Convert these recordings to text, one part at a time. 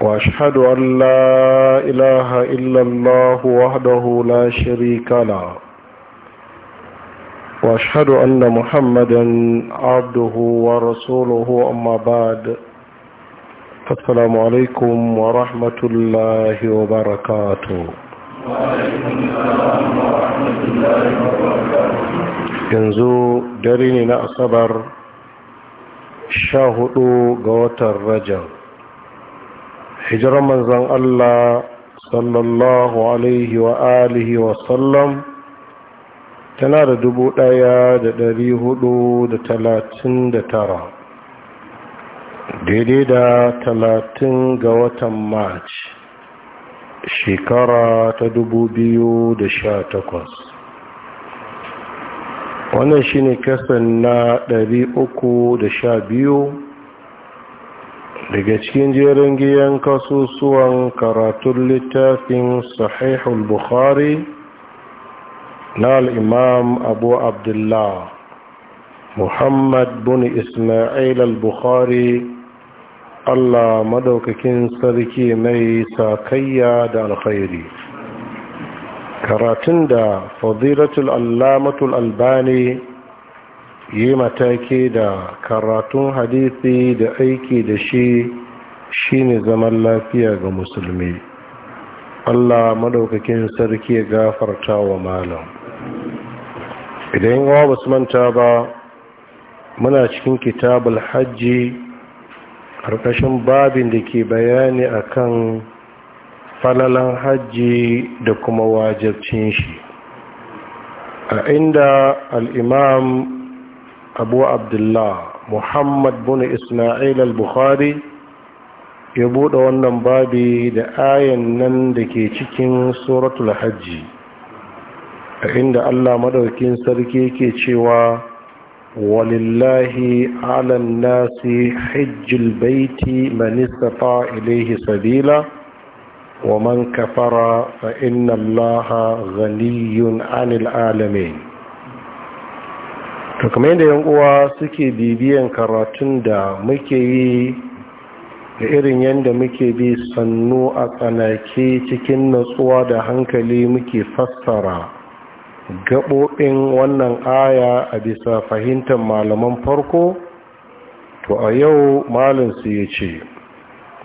وأشهد أن لا إله إلا الله وحده لا شريك له وأشهد أن محمدا عبده ورسوله أما بعد السلام عليكم ورحمة الله وبركاته وعليكم السلام ورحمة الله وبركاته yanzu dare ne na asabar sha hudu ga watan rajab hijirar manzan Allah sallallahu alaihi wa alihi wa sallam tana da dubu ɗaya da ɗari hudu da talatin da tara daidai da talatin ga watan march shekara ta dubu biyu da sha takwas wannan shine kasan na ɗari uku da sha biyu daga cikin jerin giyan kasusuwan karatun littafin sahihul bukhari na al'imam abu abdullah muhammad bin ismail al-bukhari allah madaukakin sarki mai sakayya da alkhairi karatun da fadilatul allamatul albani yi mataki da karatun hadisi da aiki da shi shine zaman lafiya ga musulmi Allah madaukakin sarki ya gafarta wa malam idan yawa ba ta ba muna cikin kitabul hajji ƙarƙashin babin da ke bayani akan falalan hajji da kuma wajabcin shi a inda al'imam abu abdullah muhammad bin isma'il al-bukhari ya buɗe wannan babi da ayan nan da ke cikin suratul hajji a inda allah madaukin sarki ke cewa walillahi alan nasi hajjil baiti manistafa ilaihi sabila wa man kafara fa inna allaha ghaniyun anil alamin to kamar yadda yan uwa suke bibiyan karatun da muke yi da irin yadda muke bi sannu a tsanake cikin natsuwa da hankali muke fassara gaɓoɓin wannan aya a bisa fahimtar malaman farko to a yau malinsu ya ce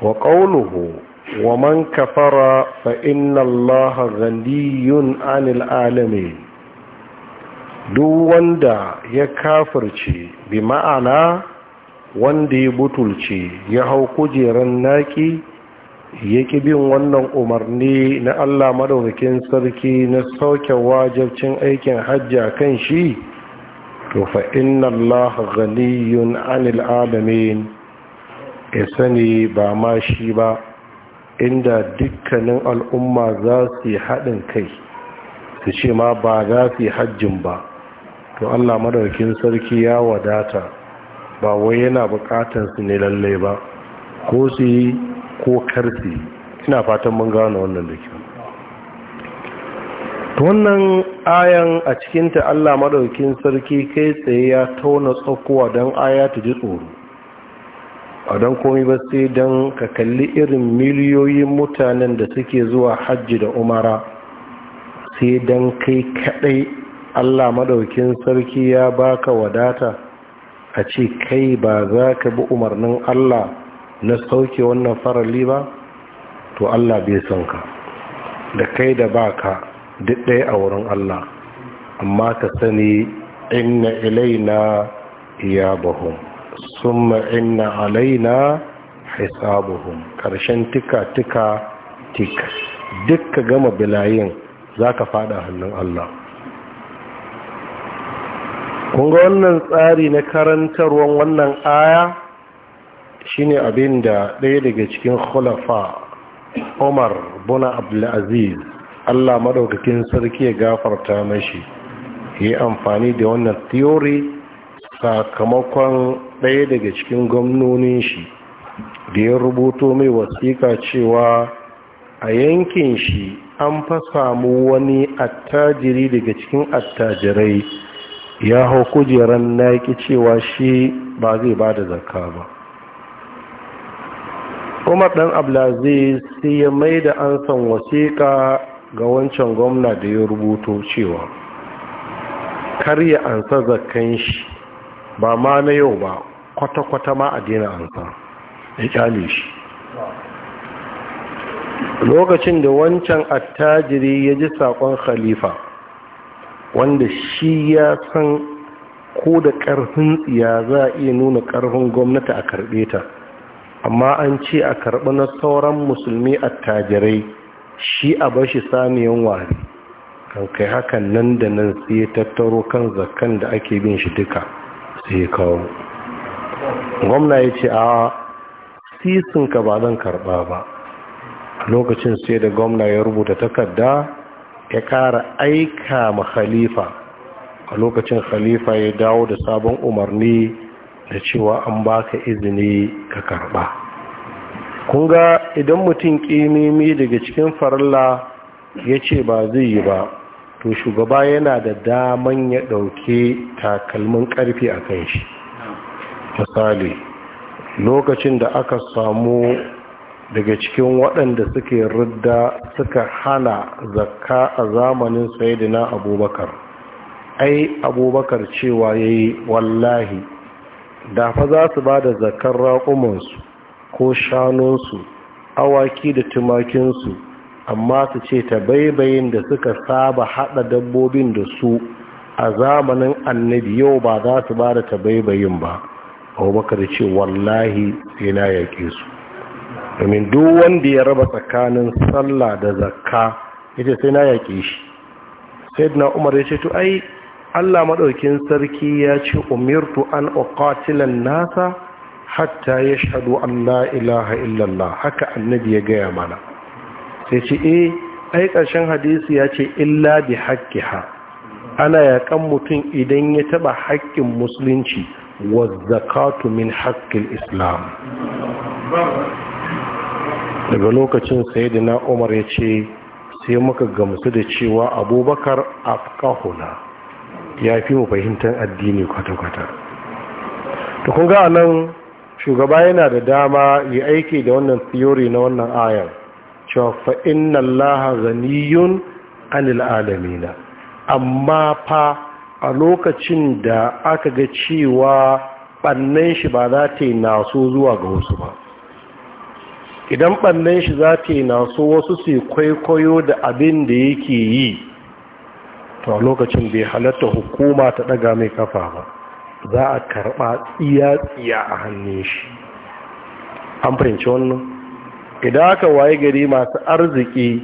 wa ƙauluhu wa man kafara fa inna allaha ghaniyun anil alamin duk wanda ya kafirce bi ma'ana wanda ya butulce ya hau kujeran naki ya bin wannan umarni na Allah madaukakin sarki na sauke wajabcin aikin hajji a kan shi to fa inna Allah ghaniyun anil alamin ya e sani ba ma shi ba inda dukkanin al'umma za su yi haɗin kai su ce ma ba za su yi hajjin ba to Allah madaukin sarki ya wadata ba wai yana bukatar su ne lalle ba ko su yi ko karfi ina fatan mun gano wannan da kyau to wannan ayan a cikinta Allah madaukin sarki kai tsaye ya tauna tsakowa don aya ta ji tsoro a don komai ba sai don ka kalli irin miliyoyin mutanen da suke zuwa hajji da umara sai don kai kadai Allah madaukin sarki ya baka wadata a ce kai ba za ka bi umarnin Allah na sauke wannan farali ba to Allah bai son ka da kai da baka duk ɗaya a wurin Allah amma ka sani inna ilaina iyabahum summa inna alaina hisabuhum karshen tika tika tika duk ka gama bilayin zaka fada hannun Allah kun ga wannan tsari na karantarwan wannan aya shine abin da ɗaya daga cikin khulafa umar buna abdulaziz allah maɗaukakin sarki ya gafarta mashi ya yi amfani da wannan theory sakamakon ɗaya daga cikin gwamnonin shi da ya rubuto mai wasiƙa cewa a yankin shi an fa samu wani attajiri daga cikin attajirai ya hau kujeran na ƙi cewa shi ba zai ba da zakka ba umar ɗan ablaziz sai ya mai da ansan wasiƙa ga wancan gwamna da ya rubuto cewa karya ansa zakan shi ba ma na yau ba kwata-kwata ma a dina ansa ya kyale shi lokacin da wancan attajiri ya ji saƙon khalifa wanda shi ya san ko da ƙarfin tsiya za a iya nuna ƙarfin gwamnati a karɓe ta amma an ce a karɓi na sauran musulmi attajirai shi a bashi saniyan wari kan kai hakan nan da nan sai ya tattaro kan zakan da ake bin shi duka sai ya kawo gwamna ya ce a sisinka ba zan karɓa ba lokacin sai da gwamna ya rubuta takarda ya ƙara aika ma khalifa a lokacin khalifa ya dawo da sabon umarni da cewa an baka izini ka karba kun ga idan mutum ƙimimi daga cikin farilla ya ce ba zai yi ba to shugaba yana da daman ya ɗauke takalmin ƙarfi a kan shi misali lokacin da aka samu daga cikin waɗanda suke rudda suka hana zakka a zamanin sayidina abubakar ai abubakar cewa ya yi wallahi dafa fa za su ba da zakar raƙumansu ko shanunsu awaki da tumakinsu amma su ce ta baibayin da suka saba haɗa dabbobin da su a zamanin annabi yau ba za su ba da ta baibayin ba abubakar ce wallahi sai na yaƙe su domin duk wanda ya raba tsakanin sallah da zakka yace sai na yaƙe shi sayyidina umar yace to ai Allah madaukin sarki ya ce umirtu an uqatila nasa hatta yashhadu an la ilaha illallah haka annabi ya gaya mana sai ce eh ai ƙarshen hadisi ya ce illa bi haqqiha ana yaƙan mutum idan ya taɓa haƙƙin musulunci wa zakatu min haƙƙin islam daga lokacin na umar ya ce sai muka gamsu da cewa abubakar afkahuna ya fi mu fahimtar addini kwata-kwata da kun ga nan shugaba yana da dama yi aiki da wannan theory na wannan ayar cewa na laha zaniyun anil alamina amma fa a lokacin da aka ga cewa ɓannan shi ba za ta yi naso zuwa ga wasu ba idan ɓannan shi za ta yi naso wasu su kwaikwayo da abin da yake yi to a lokacin bai halatta hukuma ta ɗaga mai kafa ba za a karɓa tsiya-tsiya a hannun shi an fahimci wannan idan aka waye gari masu arziki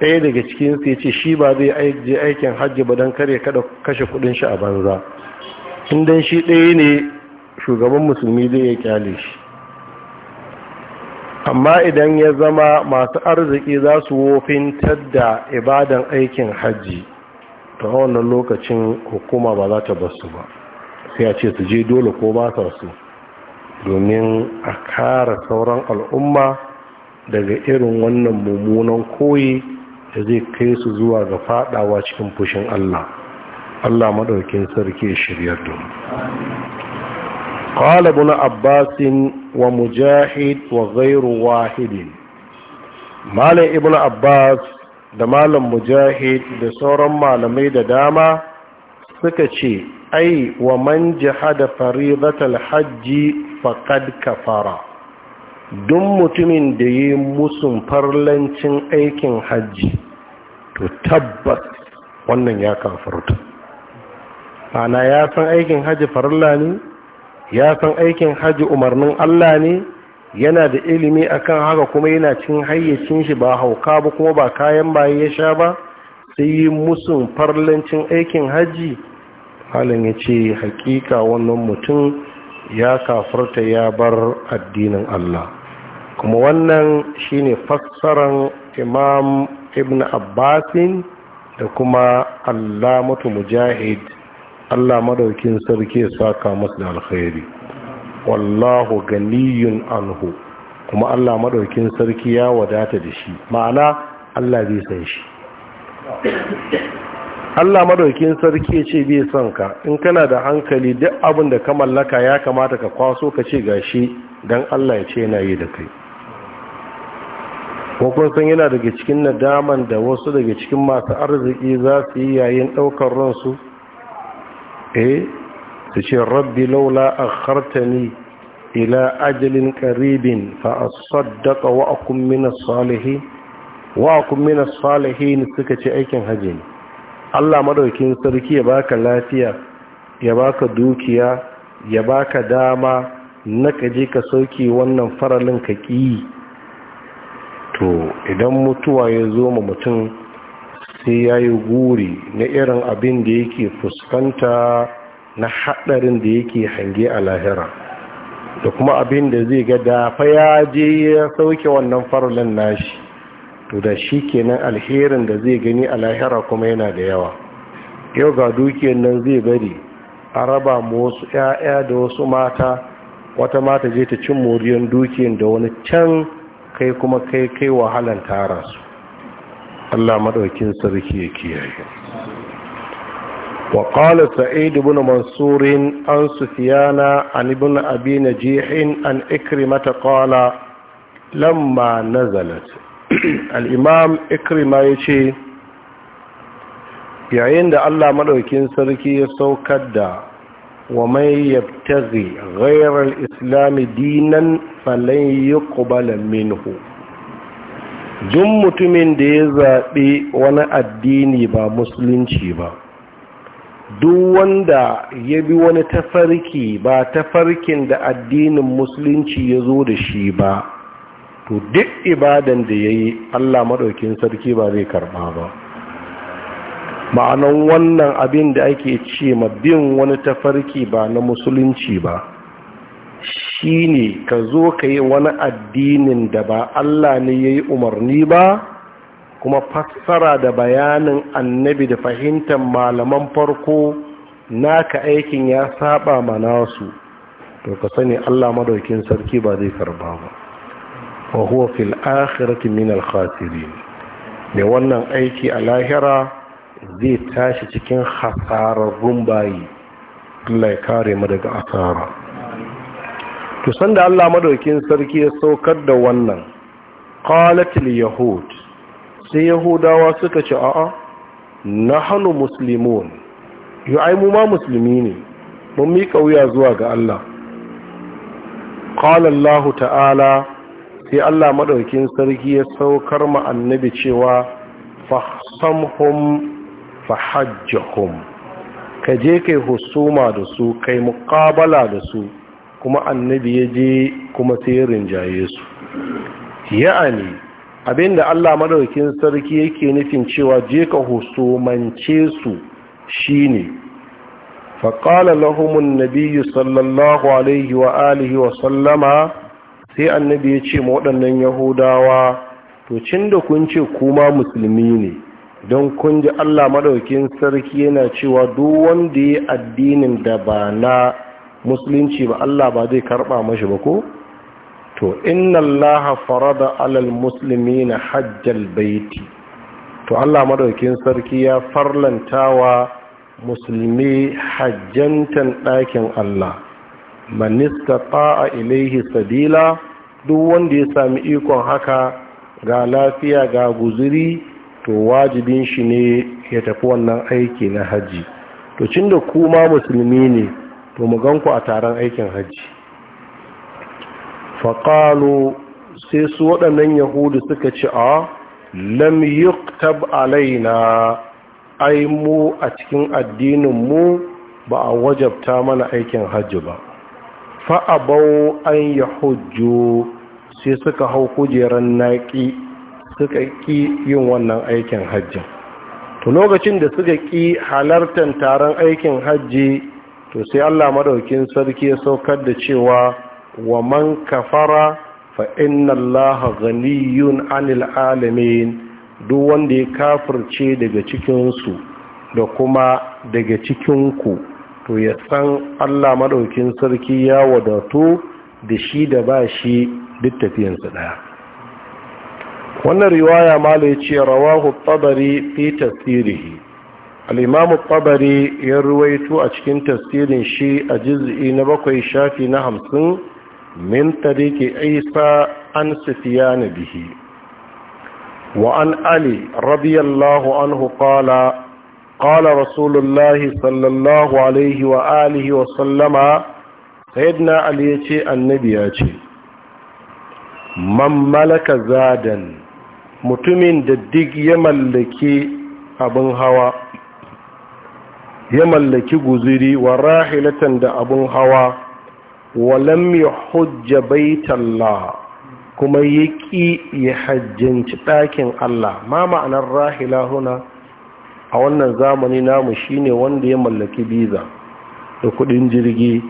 ɗaya daga cikin su ce shi ba zai je aikin hajji ba don kare kada kashe kudin shi a banza dan shi ɗaya ne shugaban musulmi zai ya kyale shi amma idan ya zama masu arziki za su wofintar da ibadan aikin hajji ta wannan lokacin hukuma ba za ta basu ba sai a ce su je dole ko ba sa su domin a kara sauran al'umma daga irin wannan mummunan koyi da zai kai su zuwa ga fadawa cikin fushin Allah Allah maɗaukin sarki shiryar da قال ابن عباس ومجاهد وغير واحد مال ابن عباس da malam mujahid da sauran malamai da dama suka ce ai wa man jihada faridatal hajji faqad kafara duk mutumin da yi musun farlancin aikin hajji to tabbas wannan ya kafarta ana ya san aikin hajji farilla ne ya san aikin haji umarnin Allah ne yana da ilimi a kan haka kuma yana cin hayyacin shi ba hauka ba kuma ba kayan baye ya sha ba sai yi musu farlancin aikin haji. halin ya ce hakika wannan mutum ya kafarta ya bar addinin Allah kuma wannan shine fassaran imam ibn abbasin da kuma allamatu mujahid Allah madaukin sarki ya saka masu da alkhairi wallahu ganiyun anhu kuma Allah madaukin sarki ya wadata da shi ma'ana Allah bai san shi Allah madaukin sarki ya ce bai san ka in kana da hankali duk abin da ka mallaka ya kamata ka kwaso ka ce gashi dan Allah ya ce yana yi da kai kun san yana daga cikin nadaman da wasu daga cikin masu arziki za su yi yayin ɗaukar ransu eh su ce rabbi laula a hartani ila ajalin karibin fa asaddaqa wa Salihi. wa suka ce aikin hajji ne Allah madaukin sarki ya baka lafiya ya baka dukiya ya baka dama na kaje ka sauki wannan faralin ka ƙi. to idan mutuwa ya zo ma mutum sai ya yi guri na irin abin da yake fuskanta na haɗarin da yake hange a lahira da kuma abin da zai ga dafa ya je ya sauke wannan farlan nashi to da shi kenan alherin da zai gani a lahira kuma yana da yawa yau ga dukiyar nan zai bari a raba wasu 'ya'ya da wasu mata wata mata je ta cin moriyar dukiyar da wani can kai kuma kai kai wahalan tara su Allah madaukin sarki ya kiyaye وقال سعيد بن منصور عن سفيان عن ابن أبي نجيح عن إكرمة قال لما نزلت الإمام إكرمة يشي yayin da Allah maɗaukin sarki ya saukar da wa mai yabtaghi ghairar islami dinan jin mutumin da ya zaɓi wani addini ba musulunci ba duk wanda ya bi wani tafarki ba tafarkin da addinin musulunci ya zo da shi ba to duk ibadan da ya yi allah maɗaukin sarki ba zai karɓa ba ma'anan wannan abin da ake ce ma bin wani tafarki ba na musulunci ba shine ka zo ka yi wani addinin da ba Allah ne ya yi umarni ba kuma fassara da bayanin annabi da fahimtar malaman farko naka aikin ya saba ma nasu. to ka sani Allah madaukin sarki ba zai karba ba wa huwa fil akhirati min al khasirin ne wannan aiki a lahira zai tashi cikin hasarar bayi Allah ya kare mu daga asara to da Allah madaukin sarki ya saukar da wannan qalatil yahud sai yahudawa suka ce a'a nahnu muslimun yu ai mu ma musulmi ne mun mika wuya zuwa ga Allah qala Allah ta'ala sai Allah madaukin sarki ya saukar ma annabi cewa fahsamhum fahajjahum ka je kai husuma da su kai muqabala da su kuma annabi ya je kuma sai rinjaye su ya'ani abinda Allah madaukakin sarki yake nufin cewa je ka husumance su shine qala lahum an-nabiy sallallahu alaihi wa alihi wa sallama sai annabi ya ce waɗannan yahudawa to cin da kun ce kuma musulmi ne don kun ji Allah madaukakin sarki yana cewa duk wanda ya addinin da ba na musulunci ba Allah ba zai karɓa mashi ba ko to inna Allah farada alal musulmi na hajjal baiti to Allah madaukin sarki ya farlantawa musulmi hajjantan ɗakin Allah manista ta'a ilaihi sabila duk wanda ya sami ikon haka ga lafiya ga guzuri to wajibin shi ne ya tafi wannan aiki na haji, to cin da kuma musulmi ne to mu ganku a taron aikin hajji faƙalo sai su waɗannan yahudu suka ci a lam yuktab alaina ai mu a cikin addinin mu ba a wajabta mana aikin hajji ba fa'abau an ya sai suka hau kujerar naƙi suka ƙi yin wannan aikin hajji. to lokacin da suka ƙi halartar taron aikin hajji to sai Allah madaukin sarki ya saukar da cewa wa man kafara fa inna Allah ghaniyun 'anil alamin duk wanda ya kafirce daga cikin da kuma daga cikin ku to ya san Allah madaukin sarki ya wadato da shi da ba shi duk tafiyarsa daya wannan riwaya mala yace rawahu tabari fi tafsirihi al'imamu tabari ya ruwaito a cikin tasirin shi a jiz'i na bakwai shafi na hamsin min tariki isa an sufiya na bihi wa an ali radiyallahu anhu qala qala rasulullahi sallallahu alaihi wa alihi wa sallama sayyidina ali ya ce annabi ya ce man zadan mutumin da duk ya mallaki abin hawa ya mallaki guziri wa rahilatan da abun hawa wa lam hujja baitallah kuma yaki ya hajjanci ɗakin Allah ma ma'anar rahila huna a wannan zamani namu shine wanda ya mallaki biza da kudin jirgi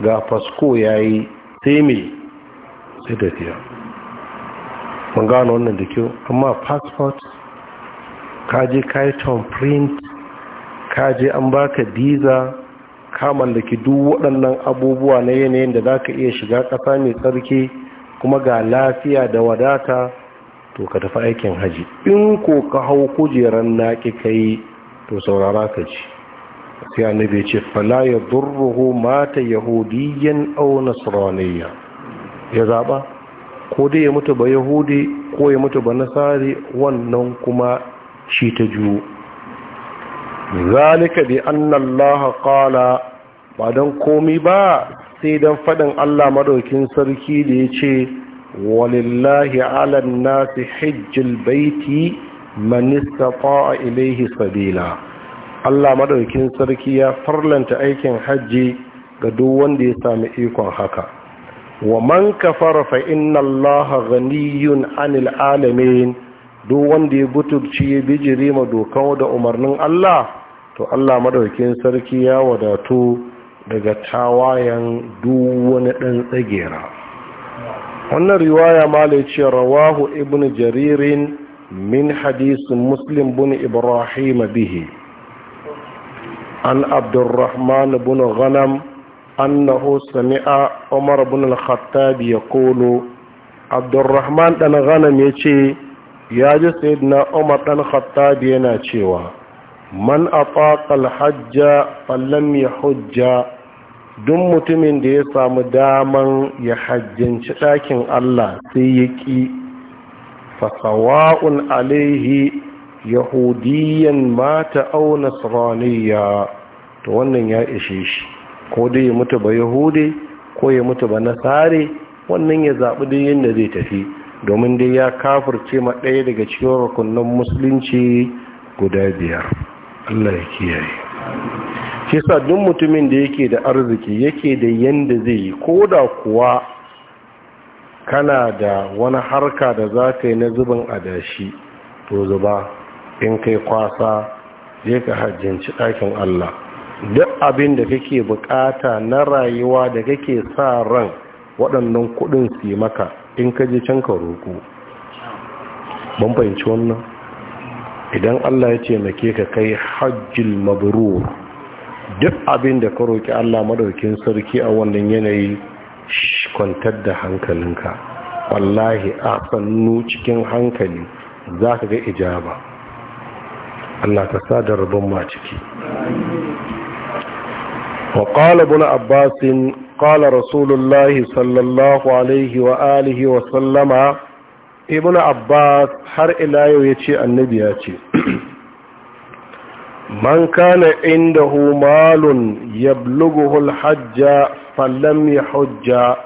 ga fasko yayi sai me sai tiya mun gano wannan da kyau amma passport kaje kai tom print ka je an baka biza ka mallaki duk waɗannan abubuwa na yanayin da za ka iya shiga ƙasa mai tsarki kuma ga lafiya da wadata to ka tafi aikin haji in ko ka hau kujerar naƙi ka yi to saurara ka ji sai annabi ce fala ya durruhu mata yahudiyyan au nasraniyya ya zaba ko dai ya mutu ba yahudi ko ya mutu ba nasari wannan kuma shi ta juwo zalika bi annallaha qala ba don komi ba sai don faɗin Allah madaukin sarki da ya ce walillahi ala nasi hijjil baiti man istata'a ilaihi sabila Allah madaukin sarki ya farlanta aikin hajji ga duk wanda ya sami ikon haka wa man kafara fa inna Allah ghaniyun 'anil alamin duk wanda ya butulci ya bijire ma dokan da umarnin Allah to Allah madaukakin sarki ya wadatu daga tawayen duk wani dan tsagera wannan riwaya malai ce rawahu ibnu jaririn min hadisin muslim bin ibrahim bihi an abdurrahman bin ghanam annahu sami'a umar bin al-khattab yaqulu abdurrahman dan ghanam yace ya ji sayidina umar ɗan khattabi yana cewa man a ataqal hajja ya hujja duk mutumin da ya samu daman ya hajjanci ɗakin Allah sai ya ƙi fasawa'un alaihi yahudiyan mata auna tsaraniya to wannan ya ishe shi ko dai ya mutu ba Yahudi ko ya mutu ba nasare wannan ya zaɓi duk da zai tafi domin dai ya kafirce ma ɗaya daga cikin rukunin musulunci guda biyar Allah ya kiyaye shi sa duk mutumin da yake da arziki yake da yanda zai yi ko da kuwa kana da wani harka da za ka yi na zubin adashi to zuba in kai kwasa je ka hajjinci ɗakin Allah duk abin da kake bukata na rayuwa da kake sa ran waɗannan kuɗin su yi maka in ka je can ka roƙo ban fahimci wannan idan Allah ya taimake ka kai hajjil mabrur duk abin da ka roƙi Allah madaukin sarki a wannan yanayi kwantar da hankalinka wallahi a sannu cikin hankali za ka ga ijaba Allah ka sa da rabon ma ciki وقال ابن عباس قال رسول الله صلى الله عليه وآله وسلم ابن har ila yau ya ce annabi ya ce man kana indahu malun yablughu alhajja fallam yahujja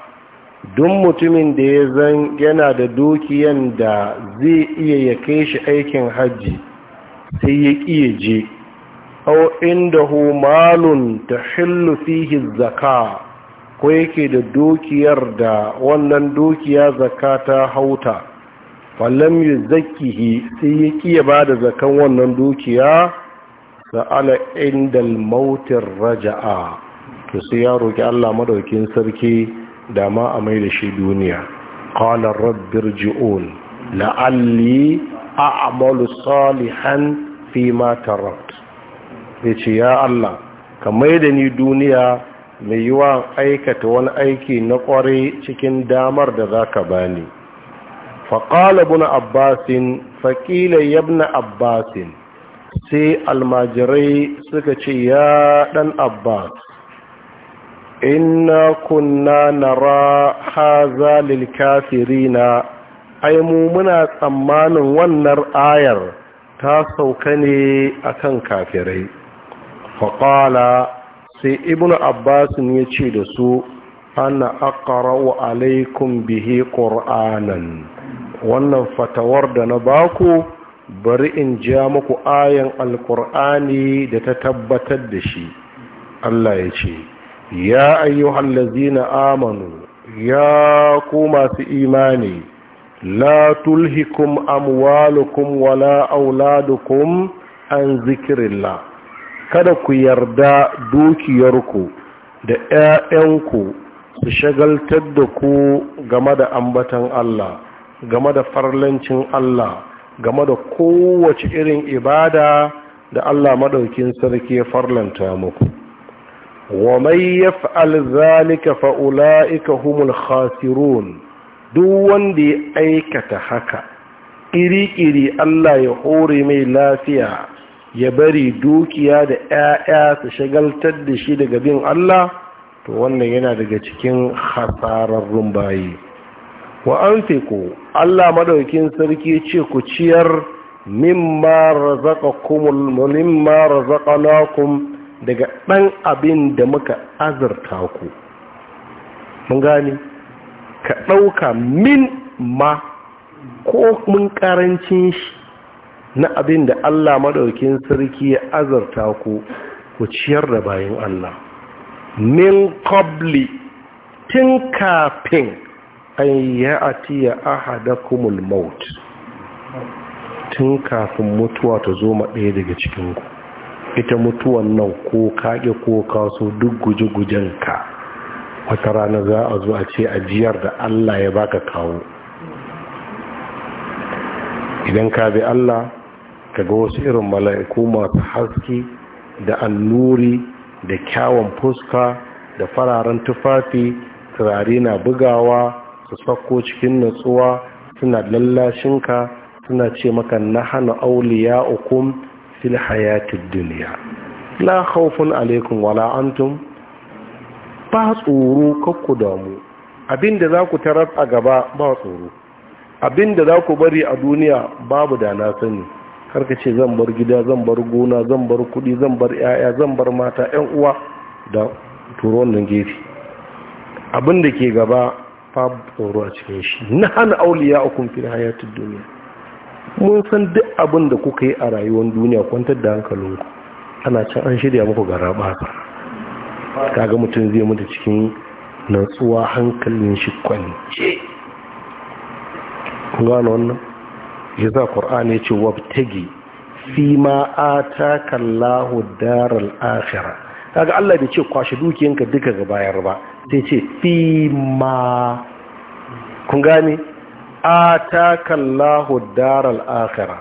duk mutumin da ya zan yana da dukiyan da zai iya ya kai shi aikin hajji sai ya kiye je aw indahu malun tahillu fihi zakka ko yake da dukiyar da wannan dukiya zakka ta hauta falam yuzakkihi sai ya kiya ba da zakan wannan dukiya sa'ala indal mautir raja'a to sai ya roki Allah madaukin sarki da ma a mai da shi duniya qala la'alli a'malu salihan fi ma tarat yace ya Allah ka mai da ni duniya mai yi wa aikata wani aiki na ƙwarai cikin damar da za ka bani faƙala buna abbasin faƙila yabna abbasin sai almajirai suka ce ya ɗan abbas inna kunna nara haza zalil kafirina ai mu muna tsammanin wannan ayar ta sauka ne a kan kafirai faƙala sai ibnu abbasin ya ce da su ana wa alaikum bihe ƙor'anan wannan fatawar da na baku bari in ja muku ayan alƙor'ani da ta tabbatar da shi Allah ya ce ya na amanu ya ku masu imani la tulhikum amwalukum wala auladukum an zikirillah kada ku yarda dukiyarku da 'ya'yanku su shagaltar da ku game da ambatan Allah game da farlancin Allah game da kowace irin ibada da Allah maɗaukin sarki ya farlanta muku wa mai ya fa'al zalika fa'ula'ika humul khasirun duk wanda ya aikata haka iri-iri Allah ya hore mai lafiya ya bari dukiya da 'ya'ya su shagaltar da shi daga bin Allah to wannan yana daga cikin hasararrun bayi wa an ku! Allah madaukin sarki ce ku ciyar mimma razaqakumul mimma razaqnakum daga ɗan abin da muka azurta ku mun gane ka ɗauka min ma ko mun ƙarancin shi na abin da Allah maɗaukin sarki ya azarta ku ku ciyar da bayan Allah min kobli tun kafin an ya'ati ya kumul maut tun kafin mutuwa ta zo ma ɗaya daga cikinku, ita mutuwan nan ko kake ko kaso duk guje-gujen ka wata rana za a zo a ce ajiyar da Allah ya baka kawo idan ka bi Allah kaga wasu irin mala'iku masu haske da annuri da kyawun fuska da fararen tufafi turare na bugawa su sako cikin nutsuwa, suna ka suna ce maka na hana auliya hukum fil hayatid duniya la khawfun alaikum wala antum ba tsoro kakku damu abinda za ku tarar a gaba ba tsoro abinda za ku bari a duniya babu da na sani karka ce zan bar gida zan bar gona zan bar kudi zan bar yaya zan bar mata yan uwa da turo wannan gefe abin ke gaba babu tsoro a cikin shi na hana auliya a kumfin hayatun duniya mun san duk abin da kuka yi a rayuwar duniya kwantar da hankalinku ana can an shirya muku gara bata kaga mutum zai mutu cikin natsuwa hankalin shi kwance gane wannan shi za ƙur'ani ce wabtagi fi ma ata kallahu daral akhira kaga Allah bai ce kwashe dukiyanka duka ga bayar ba sai ce fi ma kun gane ata kallahu daral akhira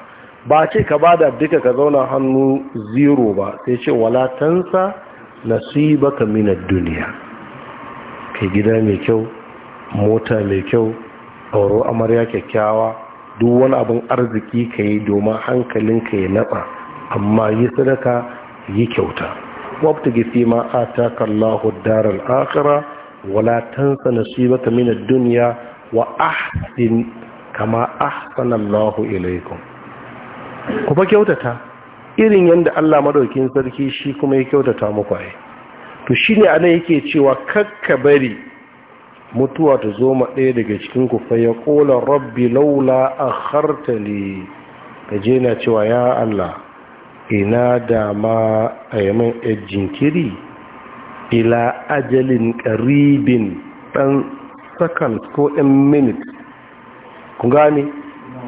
ba ce ka bada duka ka zauna hannu zero ba sai ce wala tansa nasibaka min ad-dunya kai gida mai kyau mota mai kyau auro amarya kyakkyawa duk wani abin arziki ka yi domin hankalinka ya natsa amma yi sadaka yi kyauta wabta gifi ma a taka Allahu darar akira wala tansa nasibaka min mina duniya wa ahsin kama ahsana Allahu ilaikum ku ba kyautata irin yadda Allah madaukin sarki shi kuma ya kyautata muku ai to shine anan yake cewa kakka bari mutuwa ta zo ma ɗaya daga cikin ku fa ya ƙola rabbi laula a hartali ka je na cewa ya Allah ina da ma a yaman yan jinkiri ila ajalin ƙaribin ɗan seconds ko ɗan minit ku gane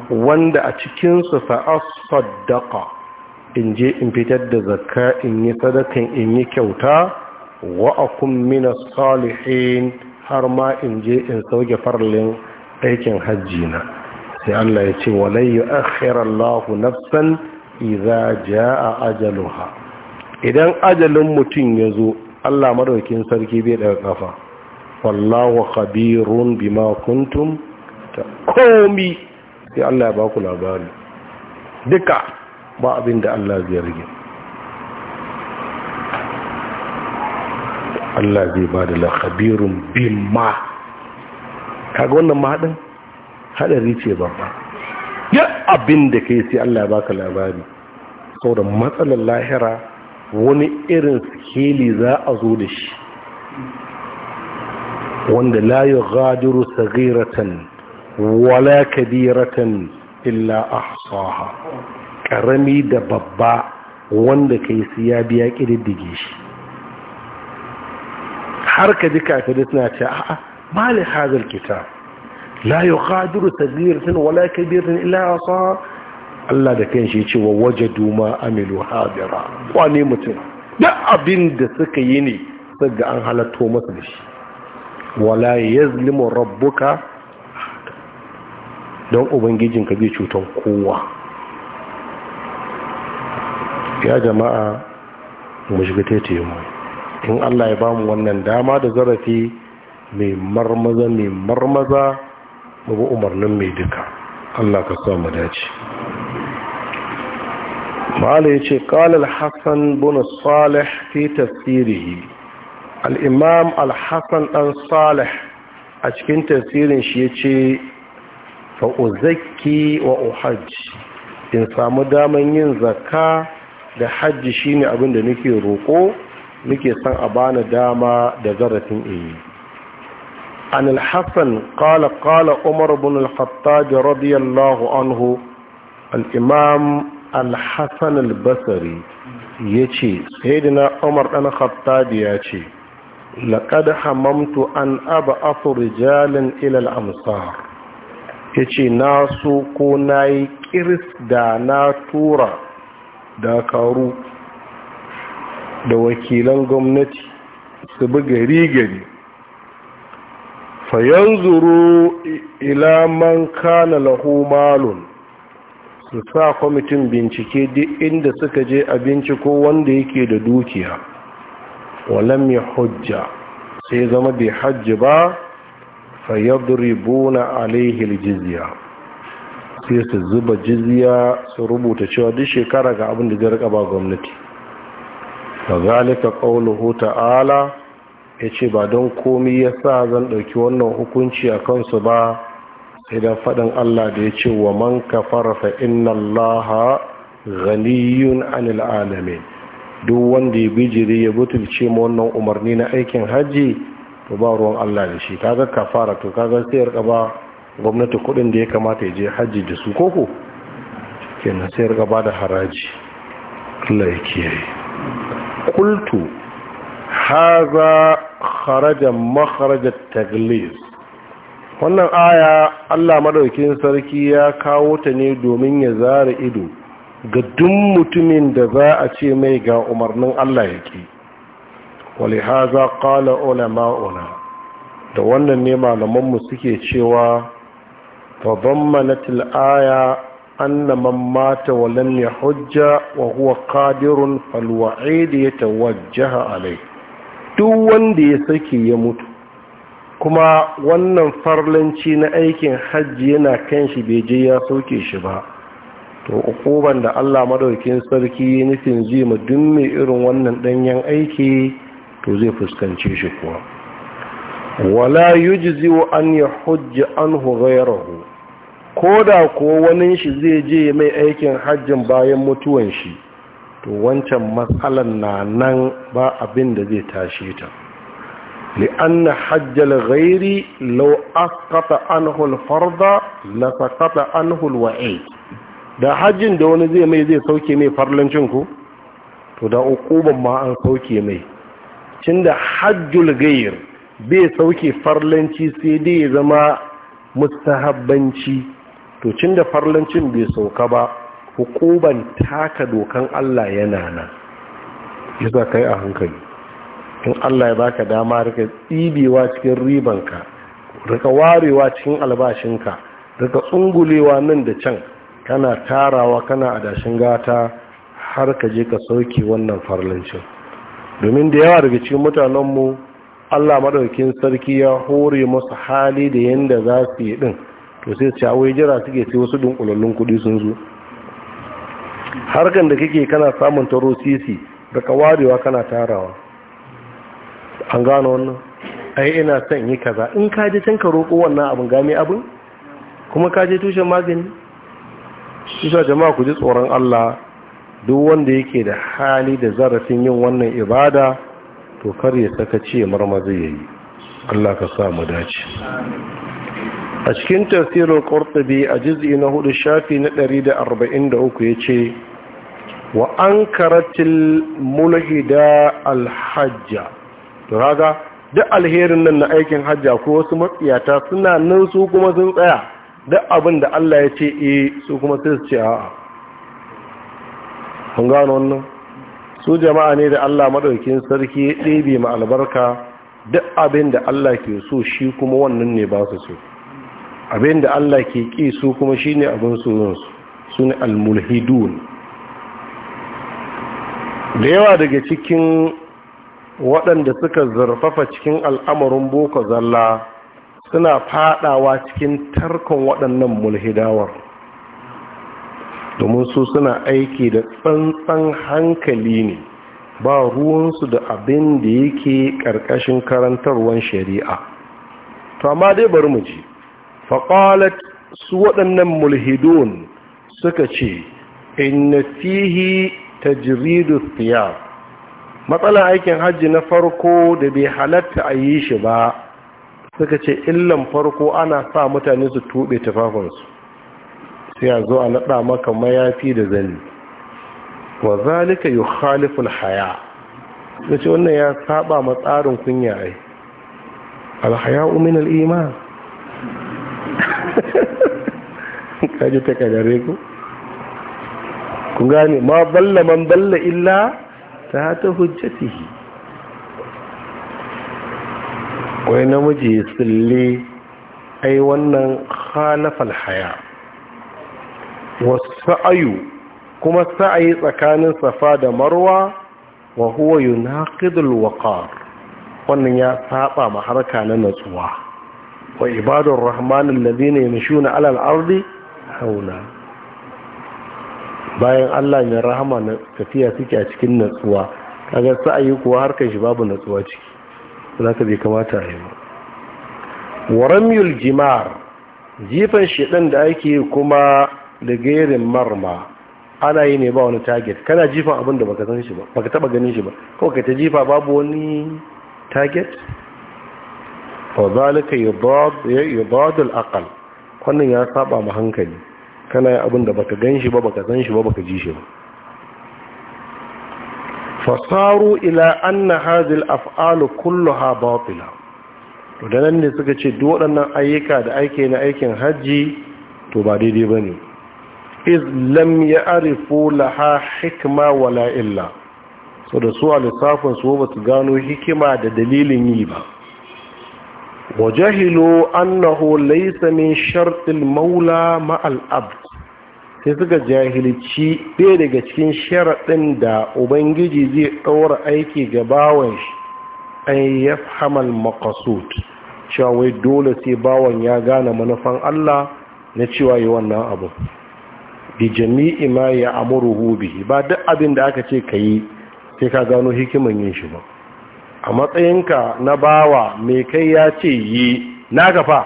wanda a cikinsu fa'asaddaka in je in fitar da zakka in yi sadakan in yi kyauta wa wa'akun mina salihin har ma in je in sauke farlin aikin hajji na sai Allah ya ce walai yi akhirallahu nafsan iza ja'a ajaluha idan ajalin mutum ya zo Allah madaukin sarki bai daga kafa wallahu khabirun bima kuntum ta komi sai Allah ya baku labari duka ba abin da Allah zai rige Allah zai ba da lakabirun bin ma kaga wannan maɗin haɗari ce babba ya abin da ka yi sai Allah ba ka labari sau da matsalar lahira wani irin sikeli za a zo da shi wanda layu yi gadiru tsagiratan wala kabiratan illa ahsaha ƙarami da babba wanda ka yi siya biya ƙididdige shi har ka ji kafirai suna ce a'a mali hazal kita la yughadiru tun wala kabiratin illa Allah da kanshi ya ce wa waje duma amilu hadira kwane mutum da abin da suka yi ne daga an halatto masa da shi wala ya yazlimu rabbuka don ubangijin ka bai cutar kowa ya jama'a mu shiga taitaye mu in Allah ya bamu wannan dama da zarafi mai marmaza mai marmaza babu umarnin mai duka Allah ka sa mu dace mala yace ce kalil hasan bin salih fi tasiri al al Hassan dan salih a cikin tasirin shi yace ce. uzakki wa Hajji in samu daman yin zaka da hajji shine abin da nake roƙo nake san a bani dama da zarafin iyi an alhassan kala kala umar bin al-khattab radiyallahu anhu al-imam al-hassan al-basri yace sayyidina umar dan khattab yace ce laqad hamamtu an ab'athu rijalan ila al-amsar yace na so ko nayi kirs da na tura dakaru da wakilan gwamnati su bi gari-gari fayanzuru ila man kana lahu malun su sa kwamitin bincike duk inda suka je abinci ko wanda yake da dukiya walam ya hujja sai zama bai hajji ba fayyadribuna alaihi aljizya sai su zuba jizya su rubuta cewa duk shekara ga abin da zai rika ba gwamnati kazalika qawluhu ta'ala yace ba don komai sa zan ɗauki wannan hukunci a kansu ba sai dan fadin Allah da ce wa man kafara fa inna Allaha ghaniyun 'anil 'alamin duk wanda ya bijiri ya butulce ma wannan umarni na aikin hajji, to ba ruwan Allah da shi kaga kafara to kaga sai rika ba gwamnati kudin da ya kamata ya je hajji da su koko kenan sai ba da haraji Allah ya kiyaye قلت haza خرج مخرج التغليظ wannan aya Allah madaukin sarki ya kawo ta ne domin ya zara ido ga duk mutumin da za a ce mai ga umarnin Allah yake wali haza qala ulama'una da wannan ne malaman mu suke cewa fa dhammanatil aya anna man mata wa lam yahujja wa huwa qadirun fal alai duk wanda ya sake ya mutu kuma wannan farlanci na aikin hajji yana kan shi bai je ya sauke shi ba to ukuban da Allah maɗaukin sarki nufin zai ma duk irin wannan danyen aiki to zai fuskanci shi kuwa wala yujzi an yahujja anhu ghayrahu ko da ko wani shi zai je mai aikin hajjin bayan mutuwan shi to wancan matsalan na nan ba abin da zai tashe ta li'anna hajjal ghairi law asqata anhu al-farda la saqata anhu al-wa'id da hajjin da wani zai mai zai sauke mai farlancin ku to da uquban ma an sauke mai tunda hajjul ghair bai sauke farlanci sai dai ya zama mustahabbanci to da farlancin bai sauka ba hukuban taka dokan Allah yana nan yasa kai a hankali in Allah ya baka dama rika tsibewa cikin ribanka rika warewa cikin albashinka rika tsungulewa nan da can kana tarawa kana adashin gata har ka je ka sauke wannan farlancin domin da yawa daga cikin mutanenmu Allah maɗaukin sarki ya hore masu hali da yanda za su yi din to sai su awai jira suke sai wasu dunkulallun kuɗi sun zo harkan da kake kana samun taro sisi da warewa kana tarawa an gano wannan ai ina son yi kaza in ka je can roƙo wannan abin gami abin kuma ka je tushen magani isa jama'a ku ji tsoron Allah duk wanda yake da hali da zarafin yin wannan ibada to kar ya saka ce marmazi yayi Allah ka sa mu dace a cikin tafsirin ƙortabi a jiz'i na hudu shafi na 143 ya ce wa an karatil da alhajja to raga duk alherin nan na aikin hajja ko wasu matsiyata suna nan su kuma sun tsaya duk abin da Allah ya ce e su kuma sun ce a'a kun gano wannan su jama'a ne da Allah maɗaukin sarki ya ɗebe ma albarka duk abin da Allah ke so shi kuma wannan ne ba su so Abin da Allah ke ƙi su kuma shi ne abin sunansu su ne al-mulhidun da yawa daga cikin waɗanda suka zarfafa cikin al'amarin boko zalla suna fadawa cikin tarkon waɗannan mulhidawar domin su suna aiki da tsantsan hankali ne ba ruwansu da abin da yake ƙarƙashin karantarwar shari'a to amma dai bari mu ji faƙalat su waɗannan mulhidun suka ce inna fihi tajridu thiyab matsalar aikin hajji na farko da bai halatta a yi shi ba suka ce illan farko ana sa mutane su tuɓe tufafinsu sai a zo a naɗa maka mayafi da zani wa zalika yukhaliful haya ce wannan ya saba ma tsarin kunya ai alhaya min al-iman kaji ta kadare ku ku gane ma balla man balla illa ta ta hujjatihi wai namiji tsille ai wannan halafal haya wasu ayu kuma sa'ayi tsakanin safa da marwa wa huwa yunaqidul waqar wannan ya saba ma harka na natsuwa wa ibadar rahmanin lalzina shuna alal ardi hauna bayan Allah mai rahama na tafiya suke a cikin natsuwa kaga sa'ayi kuwa harkar shi babu natsuwa ciki za ka bai kamata a yi ba wa yul jimar jifan shedan da ake kuma da gerin marma ana yi ne ba wani target kana jifan abin da baka san ba baka taba ganin shi ba kawai ka ta jifa babu wani target fa zalika yudad al wannan ya saba ma hankali kana abin da baka ganshi ba baka san ba baka ji shi ba fasaru ila anna hadhihi al-af'al kulluha batila to dan ne suka ce duk waɗannan ayyuka da ake na aikin haji to ba daidai bane iz lam ya'rifu laha hikma wala illa so da su a lissafin su ba su gano hikima da dalilin yi ba Wajahilo annahu laisamin min shartil maula ma'al sai suka jahilci ɗaya daga cikin sharaɗin da ubangiji zai ɗaura aiki ga bawan shi an ya hamal makasut cewa dole sai bawan ya gane manufan Allah na cewa yi wannan abu bi jami'i ma ya amuru hubi ba duk abin da aka ce ka yi sai ka gano hikiman yin shi ba a matsayinka na bawa mai kai ya ce yi na gafa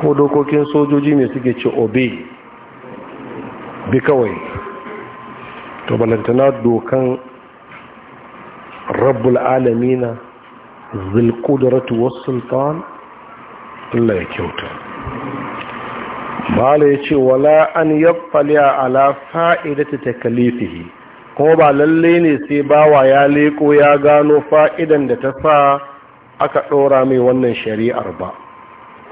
ko dokokin sojoji mai suke ce obe bi kawai to balantana dokan rabbul alamina zilkudaratu wasu sultan Allah ya kyauta la ya ce wala an a ala fa'idata kalifihi kuma ba lalle ne sai bawa ya leko ya gano fa'idan da ta sa aka ɗora mai wannan shari'ar ba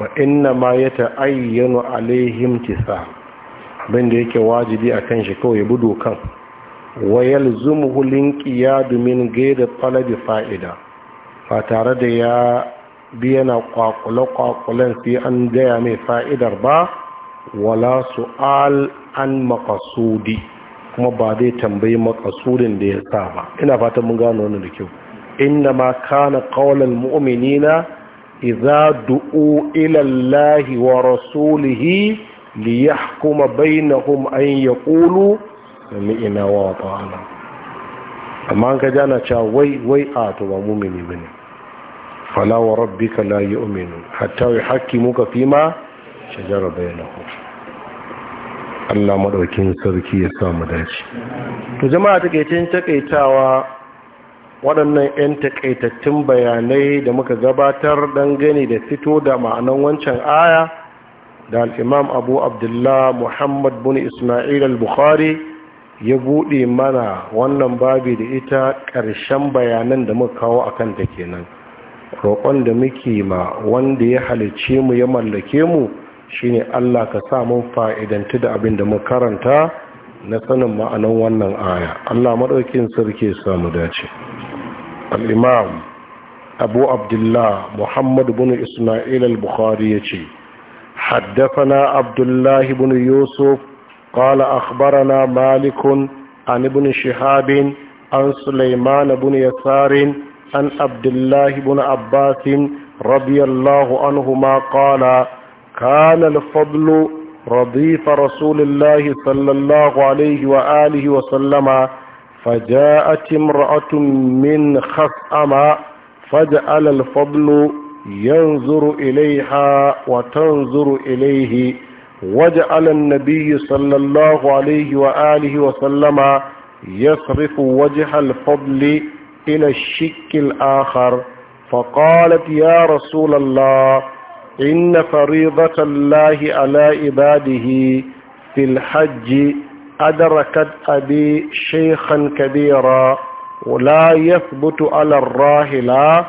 wa inna ma ya ta'ayyano alaihim tisa bin da yake wajibi a kan shi kawai budo kan wa yalzumuhu domin min ghayri talabi fa'ida ba tare da ya bi yana kwakule kwakulen sai an gaya mai fa'idar ba wala su'al an makasudi kuma ba zai tambayi makasudin da ya sa ba ina fatan mun gano wannan da kyau inna ma kana qaulal mu'minina idza du'u ila allahi wa rasulihi li yahkuma bainahum an yaqulu sami'na wa ata'na amma an ka jana cewa wai wai a to ba mu'mini bane fala wa rabbika la yu'minu hatta yuhaqqimuka fima shajara bainahum Allah maɗaukin sarki ya samu dace to jama'a takeicin takaitawa waɗannan 'yan takaitattun bayanai da muka gabatar don gani da fito da ma'anan wancan aya da al'imam abu abdullah muhammad bin ismail al-bukhari ya buɗe mana wannan babi da ita ƙarshen bayanan da muka kawo a kanta kenan roƙon da muke ma wanda ya halicce mu ya mallake mu shine Allah ka sa mun fa'idanta da abin da mu karanta na sanin ma'anan wannan aya Allah madaukin sarki ya samu dace al-imam abu abdullah muhammad bin isma'il al-bukhari yace حدثنا عبد الله بن يوسف قال أخبرنا مالك عن ابن شهاب عن سليمان بن يسار عن عبد الله بن عباس رضي الله عنهما قال كان الفضل رضيف رسول الله صلى الله عليه وآله وسلم فجاءت امرأة من خصأم فجعل الفضل ينظر إليها وتنظر إليه وجعل النبي صلى الله عليه وآله وسلم يصرف وجه الفضل إلى الشك الآخر فقالت يا رسول الله inna faridatan lahi ala ibadihi fil hajji adrakat abi shaykhan kabira ولا يثبت على الراحلة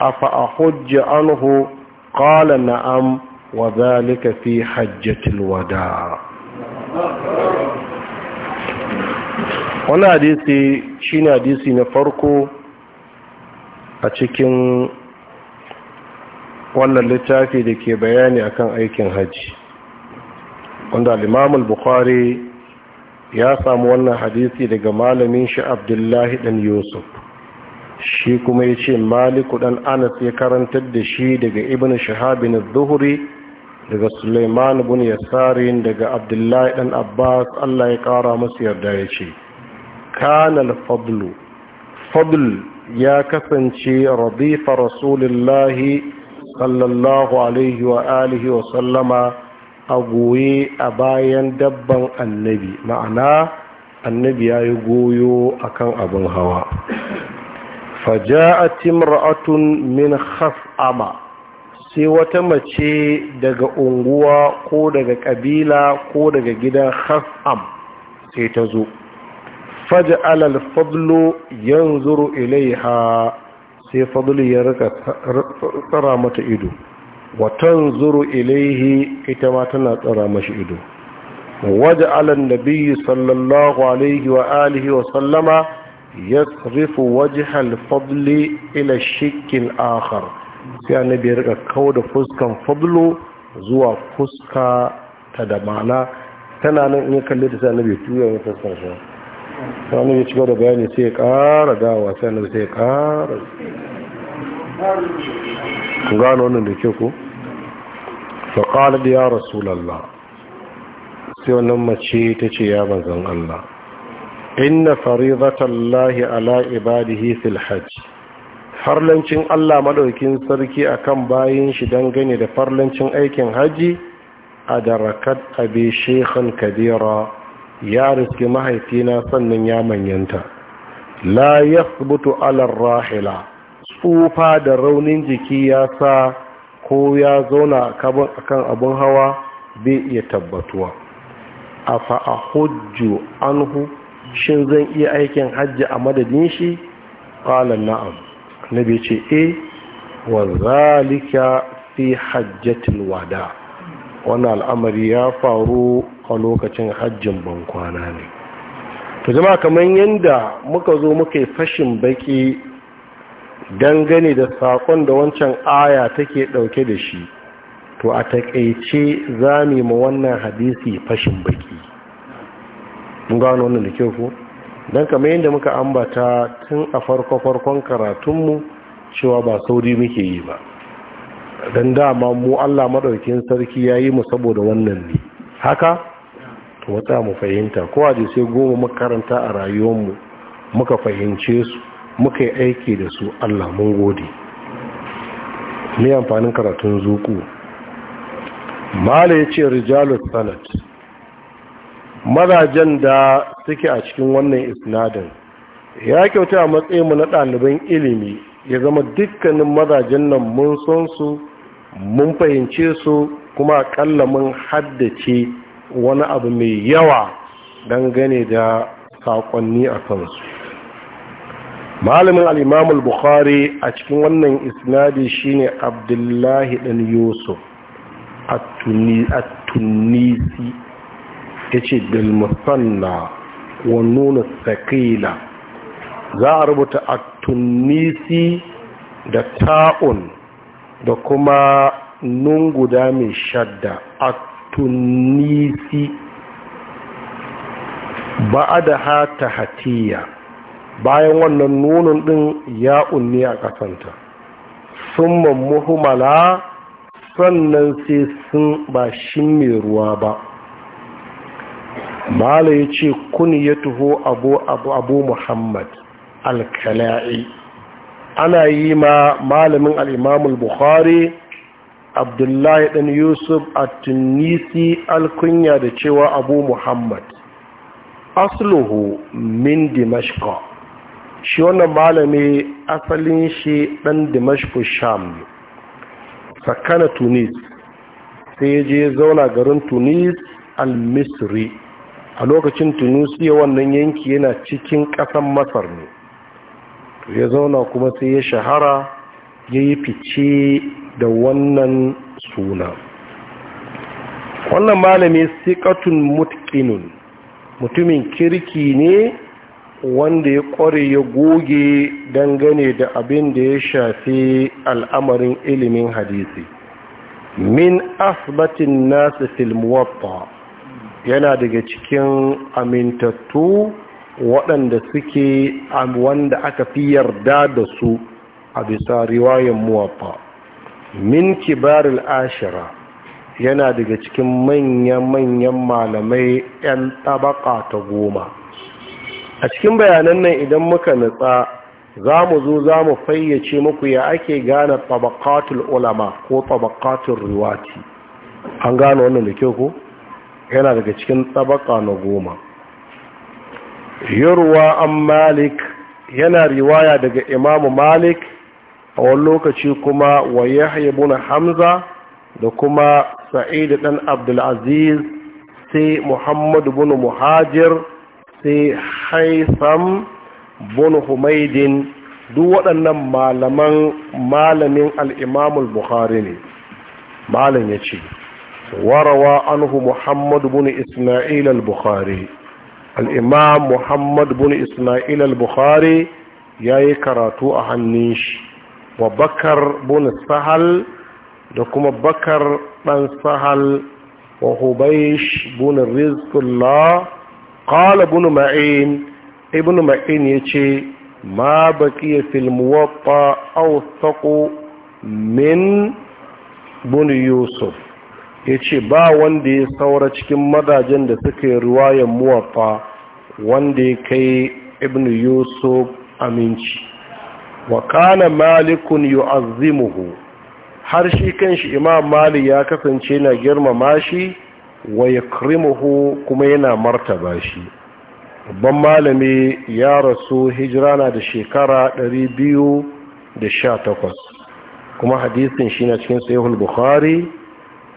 أفأحج عنه قال نعم وذلك في حجة الوداع wani hadisi shine hadisi na farko a cikin wannan littafi da ke bayani akan aikin hajji wanda al bukhari ya samu wannan hadisi daga malamin shi abdullahi dan yusuf shi kuma ya ce maliku dan anas ya karantar da shi daga ibn shahabin Zuhri daga suleiman bin yasarin daga abdullahi dan abbas allah ya kara masu yarda ya ce kanal fadlu fadl ya kasance radifa rasulullahi sallallahu alaihi wa alihi wa sallama a goye a bayan dabban annabi ma'ana annabi ya yi goyo a kan abin hawa faja'at imra'atun min khas'ama sai wata mace daga unguwa ko daga ƙabila ko daga gidan khas'am sai ta zo faja'alal al-fadlu yanzuru ilaiha sai fadli ya rika tsara mata ido wa tanzuru ilaihi ita ma tana tsara mashi ido sallallahu alaihi wa alihi wa sallama ya يصرف waje الفضل إلى الشك akhar sai annabi ya rika kawo da fuskan fadlo zuwa fuska ta da ma'ana tana nan in kalli da sai annabi tuya ya fuskar shi wani ya cigaba da bayani sai ya ƙara dawa sai annabi sai ya ƙara ku gano wannan da ke ku fa da ya rasulullah sai wannan mace ta ce ya manzon Allah inna lahi ala ibadihi fil Hajji. farlancin Allah madaukin sarki akan bayin shi dangane da farlancin aikin haji a darakat abi shekhan kadira ya riske mahaifina sannan ya manyanta la yasbutu alar rahila tsufa da raunin jiki ya sa ko ya zauna kan abin hawa bai iya tabbatuwa a fa'ahujju anhu shin zan iya aikin hajji a madadin shi qalan na'am bai ce eh wa zalika fi hajjatin wada wani al'amari ya faru a lokacin hajjin bankwana ne to zama kamar yadda muka zo muka yi fashin baki dangane da saƙon da wancan aya take ɗauke da shi to a takaice za mu ma wannan hadisi fashin baki mun gano wannan da kyau ko don kamar yadda muka ambata tun a farko-farkon karatunmu cewa ba sauri muke yi ba don dama mu allah maɗaukin sarki ya yi mu saboda wannan ne haka to wata mu fahimta ko a sai goma makaranta a rayuwar mu muka fahimce su muka yi aiki da su Allah mun gode me amfanin karatun zuku mala ya ce rijalus sanad mazajen da suke a cikin wannan isnadin ya kyauta a matsayinmu na ɗaliban ilimi ya zama dukkanin mazajen nan mun son su mun fahimce su kuma akalla mun haddace wani abu mai yawa don gane da saƙonni a kansu malamin al'imamul bukhari a cikin wannan isnadi shine abdullahi ɗan yusuf a tunisi ya ce bilmusanna wa nuna sakila za a rubuta a tunisi da ta'un da kuma nun guda mai shadda a tunisi ba a da ha hatiya, bayan wannan nunun din ya unni a kasanta sun muhmala sannan sai sun ba shi mai ruwa ba mala ya ce kun ya tuho abu abu abu muhammad alkala'i ana yi ma malamin al'imamul bukhari abdullahi ɗan yusuf a tunisi alkunya da cewa abu muhammad asluhu min dimashko shi wannan malami asalin shi ɗan dimashko sham ne sakana tunis sai je zauna garin tunis al-misri a lokacin tunisiya wannan yanki yana cikin ƙasan masar ne ya zauna kuma sai ya shahara ya yi fice da wannan suna wannan malami sikatun mutkinun mutumin kirki ne wanda ya kware ya goge dangane da abin da ya shafi al'amarin ilimin hadisi min asbatin nasu filmuwatta yana daga cikin amintattu waɗanda suke wanda aka fi yarda da su a bisa riwayen muwatta min kibarul ashira yana daga cikin manya-manyan malamai 'yan tabaka ta goma a cikin bayanan nan idan muka nutsa za mu zo za mu fayyace muku ya ake gane tabakatul ulama ko tabakatul riwati an gane wannan da kyau ko yana daga cikin tabaka na goma yarwa an malik yana riwaya daga imamu malik a wani lokaci kuma wa yahya ibn hamza da kuma sa'id dan abdul aziz sai muhammad ibn muhajir sai haitham ibn humaydin duk waɗannan malaman malamin al bukhari ne malam ya ce warawa anhu muhammad ibn isma'il al-bukhari al-imam muhammad ibn isma'il al-bukhari yayi karatu a hannun shi wa bakar bin sahal da kuma bakar ɗan sahal wa hubaish bin rizqullah qala bin ma'in ibn ma'in yace ma baqiya fil muwatta thaqu min bin yusuf yace ba wanda ya saura cikin madajen da suka yi riwayar muwatta wanda ya kai ibn yusuf aminci wa kana malikun yu'azzimuhu har shi kan shi imam malik ya kasance na girmama shi wa ya yakrimuhu kuma yana martaba shi babban malami ya rasu hijira na da shekara 218 kuma hadisin shi na cikin sahihul bukhari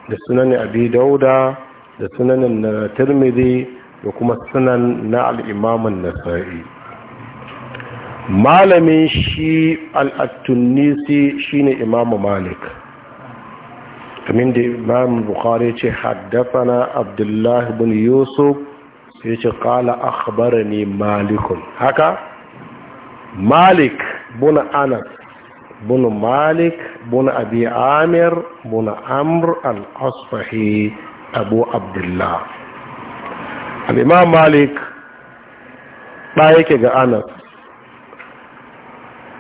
da sunan abi dauda da sunan na tirmidhi da kuma sunan na al-imam an-nasa'i malamin shi al'attunisi shi ne imamu malik kamin da imamu bukhari ce haddafana abdullahi bin yusuf sai ce kala akhbara ne malikun haka malik buna anas buna malik buna abi amir buna amr al-asfahi abu abdullah al'imam malik ɗaya yake ga anas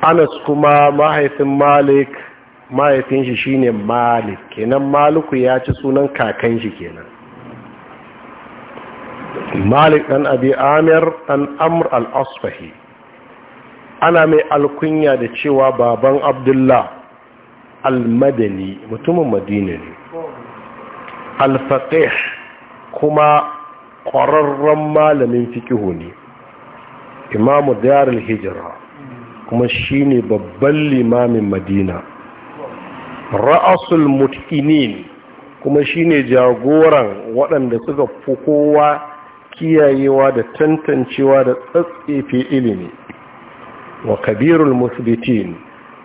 anas kuma mahaifin malik mahaifin shi shine malik kenan maliku ya ci sunan kakan shi kenan malik ɗan abi amir ɗan amr al-asfahi ana mai alkunya da cewa baban abdullah al-madani mutumin madina ne al-faqih kuma ƙwararren malamin fikihu ne imamu darul hijira kuma shi ne babban limamin madina ra'asul mutinin kuma shi ne jagoran waɗanda suka fi kowa kiyayewa da tantancewa da tsatsefe ilimi wa kabirul musbitin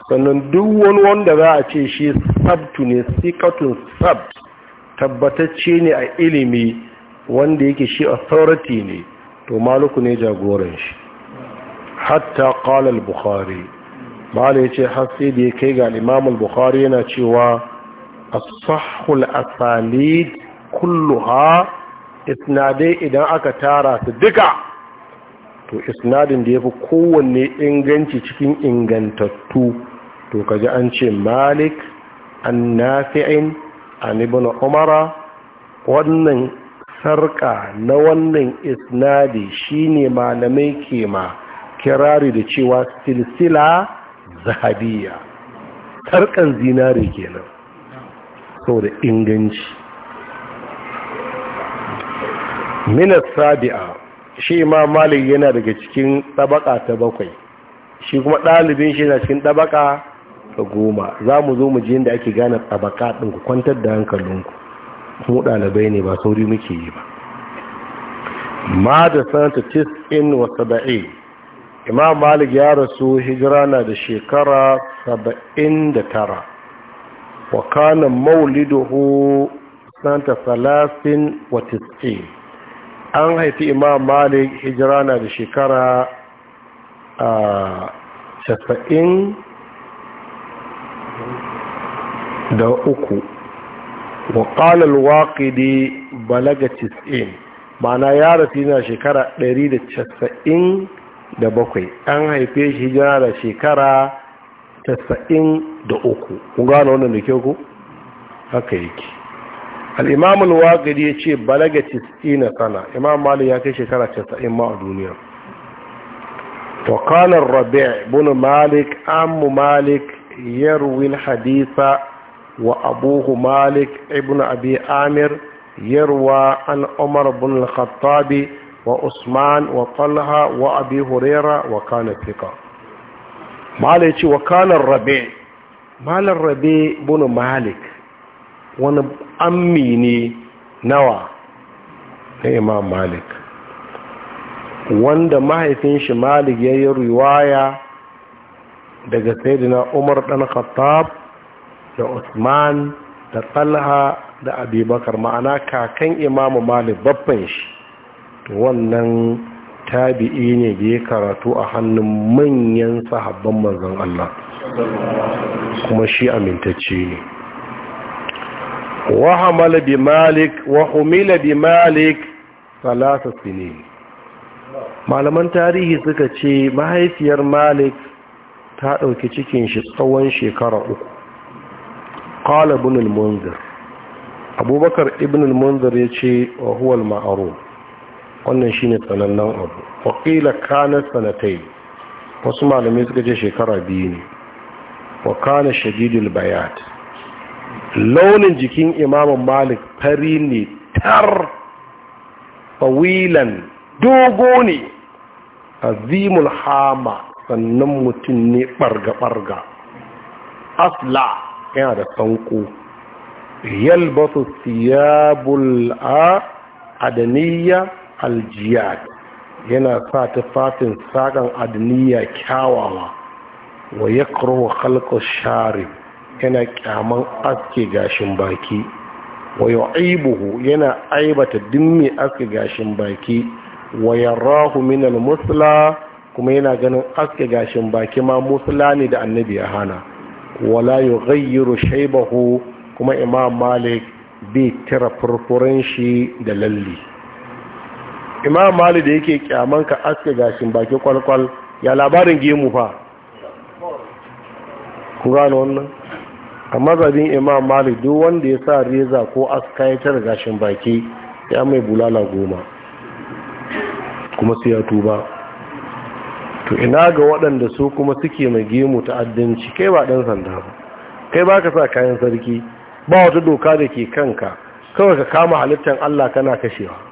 sannan duk wani wanda za a ce shi sabtu ne sikatun sabt tabbatacce ne a ilimi wanda yake shi authority ne to maluku ne jagoran shi hatta qala al-bukhari malai yace har sai da kai ga imam al-bukhari yana cewa as-sahhu al-asalid kulluha isnadai idan aka tara su duka to isnadin da yafi kowanne inganci cikin ingantattu to kaji an ce malik an nafi'in an ibn umara wannan sarka na wannan isnadi shine malamai kema kirari da cewa silsila zahabiya tarkan zinare kenan saboda inganci minas sabi'a shi ma malik yana daga cikin tabaka ta bakwai shi kuma ɗalibin shi yana cikin tabaka ta goma za mu zo mu je da ake gane tabaka ɗin ku kwantar da hankalinku mu ɗalibai ne ba sauri muke yi ba ma da sanata in wasa saba'i imam malik ya rasu hijira na da shekara saba'in da tara wa kanan mauliduhu santa salasin wa tiski an haifi imam malik hijira na da shekara casa'in da uku wa ƙalar waƙidi balaga tiski ma'ana ya rasu na shekara 190 da casa'in da bakwai an haife shi hijira da shekara tasa'in da uku kun gano wannan da kyau ku haka yake al'imamul wagari ya ce balaga tis'ina sana imam malik ya kai shekara tasa'in ma a duniya to rabi' bin malik ammu malik yarwi haditha wa abuhu malik ibn abi amir yarwa an umar bin al-khattabi wa usman wa talha wa abi wa kana fika ce wa kana rabe malar rabe malik wani ammi nawa na imam malik wanda mahaifin shi malik ya yi riwaya daga saidina umar dan khattab da usman da talha da Abibakar ma'ana kakan imamu malik babban shi wannan tabi'i ne da ya karatu a hannun manyan sahabban manzon Allah kuma shi amintacce ne wa hamala bi malik wa humila bi malik salasa malaman tarihi suka ce mahaifiyar malik ta ɗauki cikin shi tsawon shekara uku qala ibn munzir abubakar ibn al-munzir yace wa huwa al-ma'ruf wannan shi ne tsanannen abu Wakila kanar sanatai wasu malamai suka ce shekara biyu ne Wakana shadidul bayat launin jikin imamun malik fari ne tar fawilan dogo ne azimul hama sannan mutum ne ɓarga-ɓarga asla yana da sanko yalbasu siyabul a adaniya Aljiyar yana sa tufafin saƙan adiniya kyawawa wa ya khalqa yana kyaman aske gashin baki wa Aibuhu yana aibata dimmi aske gashin baki wa ya rahu minal musla kuma yana ganin aske gashin baki ma musula ne da annabi ya hana wala yughayyiru Shaibahu kuma imam malik bai tara furfurin shi da lalli imam mali da yake kyaman ka aske gashin baki kwalkwal ya labarin gemu fa ku gano wannan a mazabin imam mali duk wanda ya sa reza ko aska ya tara gashin baki ya mai bulala goma kuma su ya tuba to ina ga waɗanda su kuma suke mai gemu ta'addanci kai ba ɗan sanda ba kai ba ka sa kayan sarki ba wata doka da ke kanka kawai ka kama halittar allah kana kashewa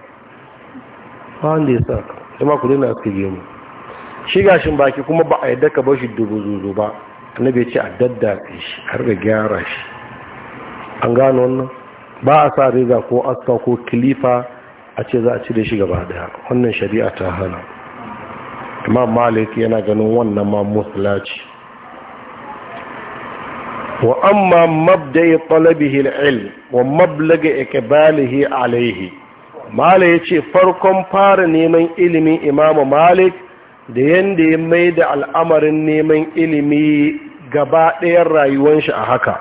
wanda ya sa kuma ku dina suka je mu shi gashin baki kuma ba a yadda ka bar shi dubu zuzu ba annabi ya ce a daddatse shi har da gyara shi an gano wannan ba a sa reza ko aska ko kilifa a ce za a cire shi gaba daya wannan shari'a ta hana amma malik yana ganin wannan ma musulaci wa amma mabda'i talabihi al-ilm wa mablaga ikbalihi alaihi. Malik ya ce farkon fara neman ilimin imamu malik da yadda ya mai da al'amarin neman ilimi gaba ɗayan rayuwanshi a haka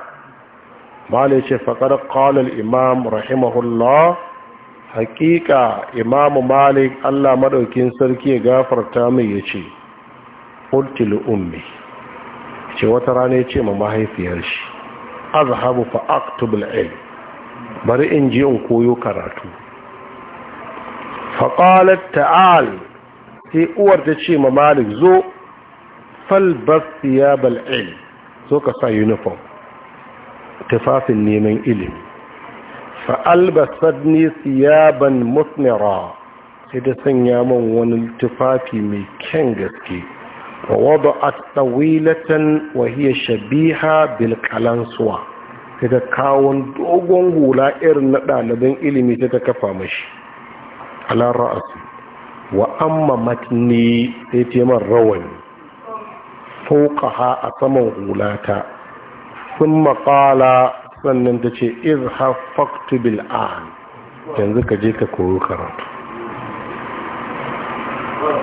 Malik ya ce faƙar ƙalar imam rahimahullah haƙiƙa imamu malik allah maɗaukin sarki ya gafarta mai ya ce ƙultil ummi ce wata rana ya ce ma mahaifiyar shi azhabu fa bari in ji in koyo karatu faƙalar ta'al sai uwar ta ce ma malik zo falbas bal'il zo ka sa uniform tufafin neman ilimi fa'albasar ne siyaban musnira sai ta sanya man wani tufafi mai kyan gaske wa wadda a tsawilatan wahiyar shabiha bilkalansuwa sai ta kawon dogon hula irin na ɗaliban ilimi ta ta kafa mashi ala ra'asi wa amma matni sai ce man rawani fauqaha a saman hulata sun maƙala sannan ta ce izhar faktubil an yanzu ka je ka koyo karatu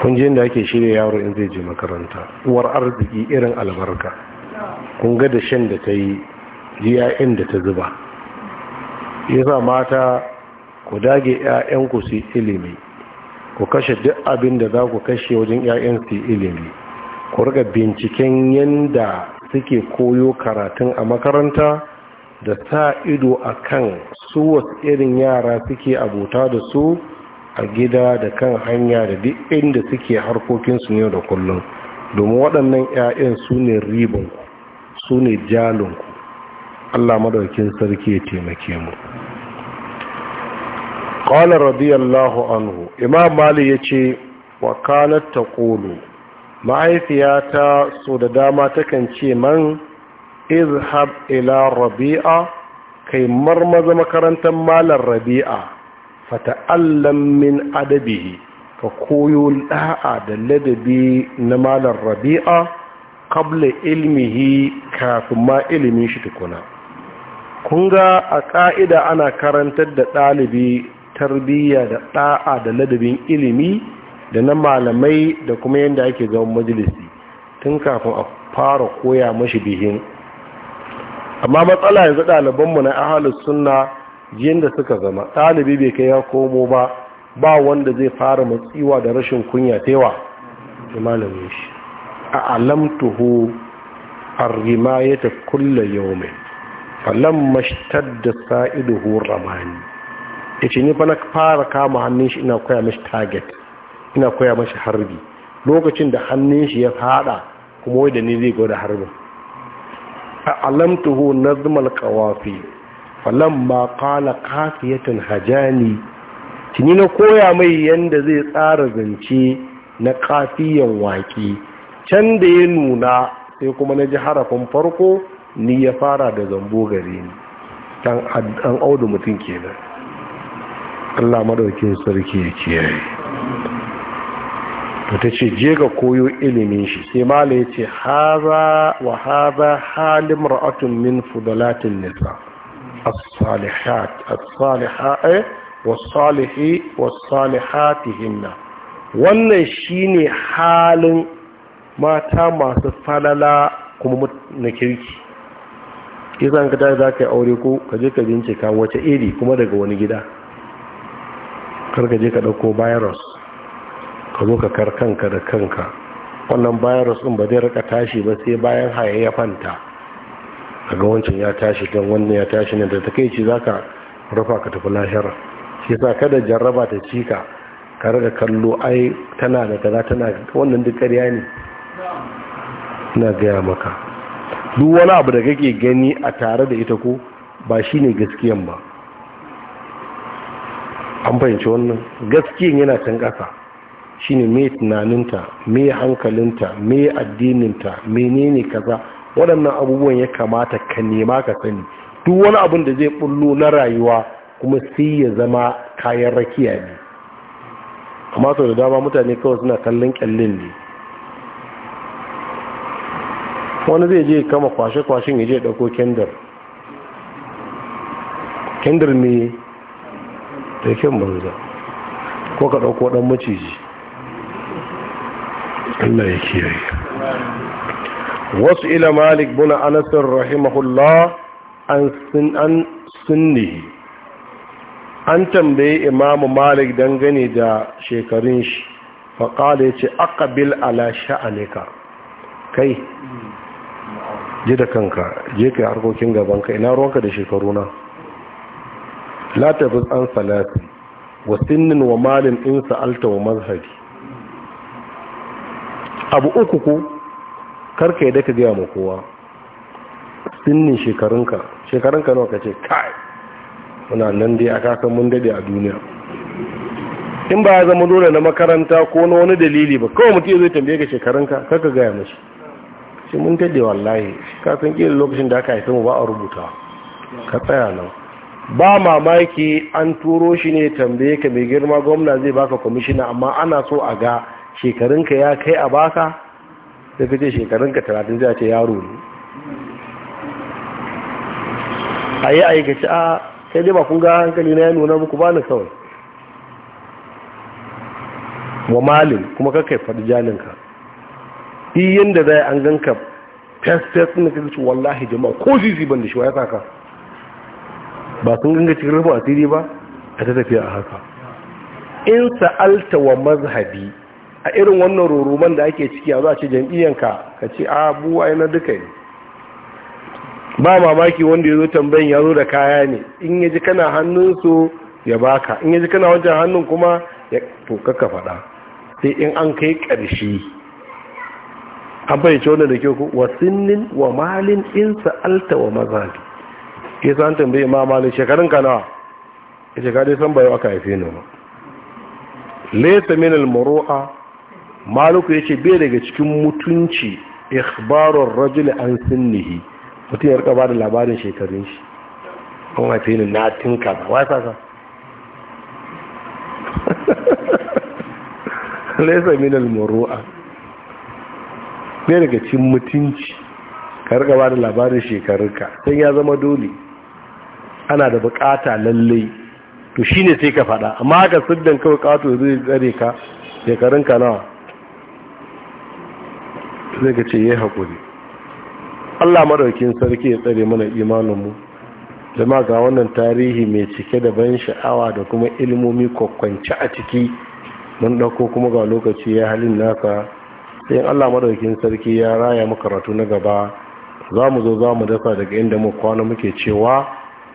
kun je da ake shirya yaro in zai je makaranta uwar arziki irin albarka kun ga da shan da ta yi jiyayen da ta zuba yasa mata ku dage 'ya'yanku su ilimi ku kashe duk abin da za ku kashe wajen 'ya'yan su ilimi ku riga binciken yadda suke koyo karatun a makaranta da sa ido a kan su wasu irin yara suke abota da su a gida da kan hanya da duk inda suke harkokinsu ne da kullum domin waɗannan 'ya'yan su ne ribinku su ne jalinku allah madaukin sarki ya taimake mu qala radiyallahu anhu imam mali yace wa kanat taqulu mahaifiyata so da dama takan ce man izhab ila rabi'a kai marmaza makarantar malar rabi'a fata'allam min adabihi ka koyo da'a da ladabi na malar rabi'a kabla ilmihi kafin ma ilimin shi tukuna kun ga a ka'ida ana karantar da ɗalibi tarbiyya da ɗa'a da ladabin ilimi da na malamai da kuma yadda ake zaman majalisi tun kafin a fara koya mashi bihin amma matsala yanzu ɗalibanmu na ahalus suna jiyan da suka zama ɗalibi bai kai ya komo ba ba wanda zai fara matsiwa da rashin kunya taiwa da malamin shi a alamtuhu arrimayata kulla yawmin da Sa'idu hu ramani ya ce ni fa fara kama hannun shi ina koya mashi target ina koya mashi harbi lokacin da hannun shi ya fada kuma wai da ni zai gwada harbi. a alamtuhu nazmal qawafi falamma qala qafiyatan hajani tuni na koya mai yanda zai tsara zance na kafiyan waki can da ya nuna sai kuma na ji harafin farko ni ya fara da zambo gare ni dan audu mutum kenan Allah madaukin sarki ya kiyaye to ta ce je ga koyo ilimin shi sai mala ya ce haza wa haza halin ra'atun min fudalatin nisa as-salihat as-salihat eh, was-salihi was-salihatihinna wannan shine halin mata masu falala kuma na kirki idan ka da za ka yi aure ko ka je ka bincika wace iri kuma daga wani gida karka je ka ɗauko virus ka zo ka kar kanka da kanka wannan virus ɗin ba zai rika tashi ba sai bayan hayayyafanta ga wancan ya tashi don wannan ya tashi ne da ta kai za ka rufa ka tafi lahira shi sa kada jarraba ta cika ka rika kallo ai tana da kaza tana wannan duk ƙarya ne ina gaya maka duk wani abu da kake gani a tare da ita ko ba shine gaskiyan ba an fahimci wannan gaskiyan yana can ƙasa shine me tunaninta me hankalinta me addininta menene kaza waɗannan abubuwan ya kamata ka nema ka sani duk wani abin da zai bullo na rayuwa kuma sai ya zama kayan rakiya ne amma sau da dama mutane kawai suna kallon kyallin ne wani zai je kama kwashe-kwashen ya je ɗauko kendir kendir mai taikin banza ko ka ɗauko ɗan maciji Allah ya kiyaye wasu ila malik buna anasir rahimahullah an sunni an tambaye imamu malik dangane da shekarun shi faƙada ya ce akabil ala sha'anika kai ji da kanka je ka yi harkokin gabanka ina ruwanka da shekaruna la tafis an salati wa sinnin wa malin in sa'alta wa mazhabi abu uku ku karka yadda ka gaya ma kowa sinin shekarunka shekarunka nawa ka ce kai muna nan dai aka kan mun dade a duniya in ba ya zama dole na makaranta ko na wani dalili ba kawai mutum zai tambaye ka shekarunka karka gaya mashi shi mun dade wallahi ka san kila lokacin da aka haife mu ba a rubuta ka tsaya nan ba mamaki an turo shi ne tambaye ka mai girma gwamna zai baka kwamishina amma ana so a ga shekarunka ya kai a baka da ka ce shekarunka talatin zai ce yaro ne a yi aikaci a sai dai ba kun ga hankali na ya nuna muku ba ni kawai wa malin kuma kakai faɗi janinka ɗi yadda zai an ganka fes-fes na kaga wallahi jama'a ko zizi ban da shi wa ya saka ba kun ganga cikin rufin asiri ba a ta tafiya a haka in sa'alta wa mazhabi a irin wannan roruman da ake ciki a za a ce jam'iyyanka ka ce abuwa yana duka ne ba mamaki wanda ya zo tambayin ya zo da kaya ne in ya ji kana hannunsu ya baka in ya ji kana wajen hannun kuma ya toka ka faɗa sai in an kai ƙarshe an fahimci wannan da ke ku wasinnin wa malin in sa'alta wa mazhabi ke san tambaye ma ne shekarun ka nawa ya ka dai san bayo aka haife ni ba laysa min al-muru'a maliku yace bai daga cikin mutunci ikhbaru rajul an sinnihi mutum ya rika bada labarin shekarun shi an haife ni na tinka ba wai sasa laysa min al-muru'a bai daga cikin mutunci ka rika bada labarin shekarunka sai ya zama dole ana da bukata lalle to shine sai ka faɗa amma ga siddan kawai kato zai tsare ka shekarun ka nawa zai ka ce yayi hakuri Allah madaukin sarki ya tsare mana imanin mu jama ga wannan tarihi mai cike da ban sha'awa da kuma ilmomi kwakwanci a ciki mun dauko kuma ga lokaci ya halin naka sai Allah madaukin sarki ya raya mu karatu na gaba za mu zo za mu dafa daga inda mu kwana muke cewa